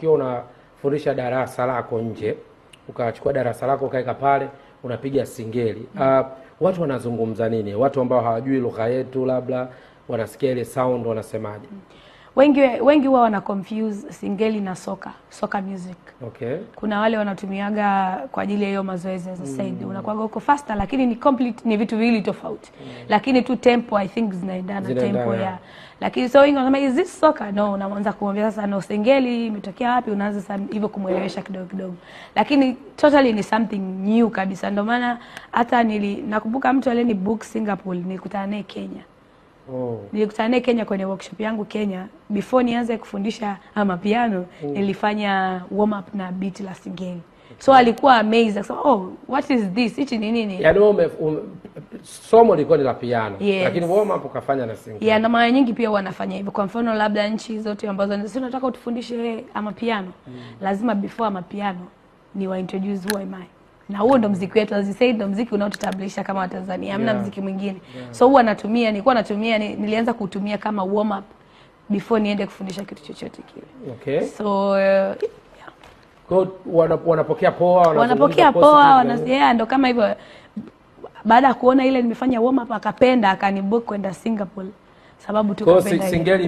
ukiwa unafundisha darasa lako nje, ukachukua darasa lako ukaweka pale, unapiga singeli mm -hmm. uh, watu wanazungumza nini? Watu ambao hawajui lugha yetu labda wanasikia ile sound wanasemaje? mm -hmm wengi wengi huwa wana confuse singeli na soka soka music. Okay. Kuna wale wanatumiaga kwa ajili ya hiyo mazoezi as I said, mm. unakuwa uko faster lakini ni complete, ni vitu viwili tofauti mm. lakini tu tempo I think zinaendana Zine tempo ya Lakini so wengi wanasema is this soka? No, unaanza kumwambia sasa no, singeli imetokea wapi? Unaanza sasa hivyo kumwelewesha kidogo kidogo, lakini totally ni something new kabisa. Ndio maana hata nili nakumbuka mtu aliyeni book Singapore nilikutana naye Kenya Oh. Nilikutana naye Kenya kwenye workshop yangu Kenya. Before nianze kufundisha amapiano oh. Nilifanya warm up na beat la singeli. Okay. So alikuwa amazed akasema, "Oh, what is this? Hichi ni nini?" Yaani wewe um, somo liko ni la piano, yes. Lakini warm up ukafanya na singeli. Yeah, na mara nyingi pia wanafanya hivyo. Kwa mfano labda nchi zote ambazo sisi tunataka utufundishe amapiano. Mm. Lazima before amapiano ni wa introduce who am I na huo ndo mziki wetu, as you said, ndo mziki unaotutambulisha kama Watanzania, hamna yeah. mziki mwingine yeah. so huwa natumia, nilikuwa natumia, nilianza kutumia kama warm up before niende kufundisha kitu chochote kile okay. so uh, kwa wanapokea poa, wanapokea poa, yeah, ndo kama hivyo. Baada ya kuona ile nimefanya warm up, akapenda akanibook kwenda Singapore sababu tukapenda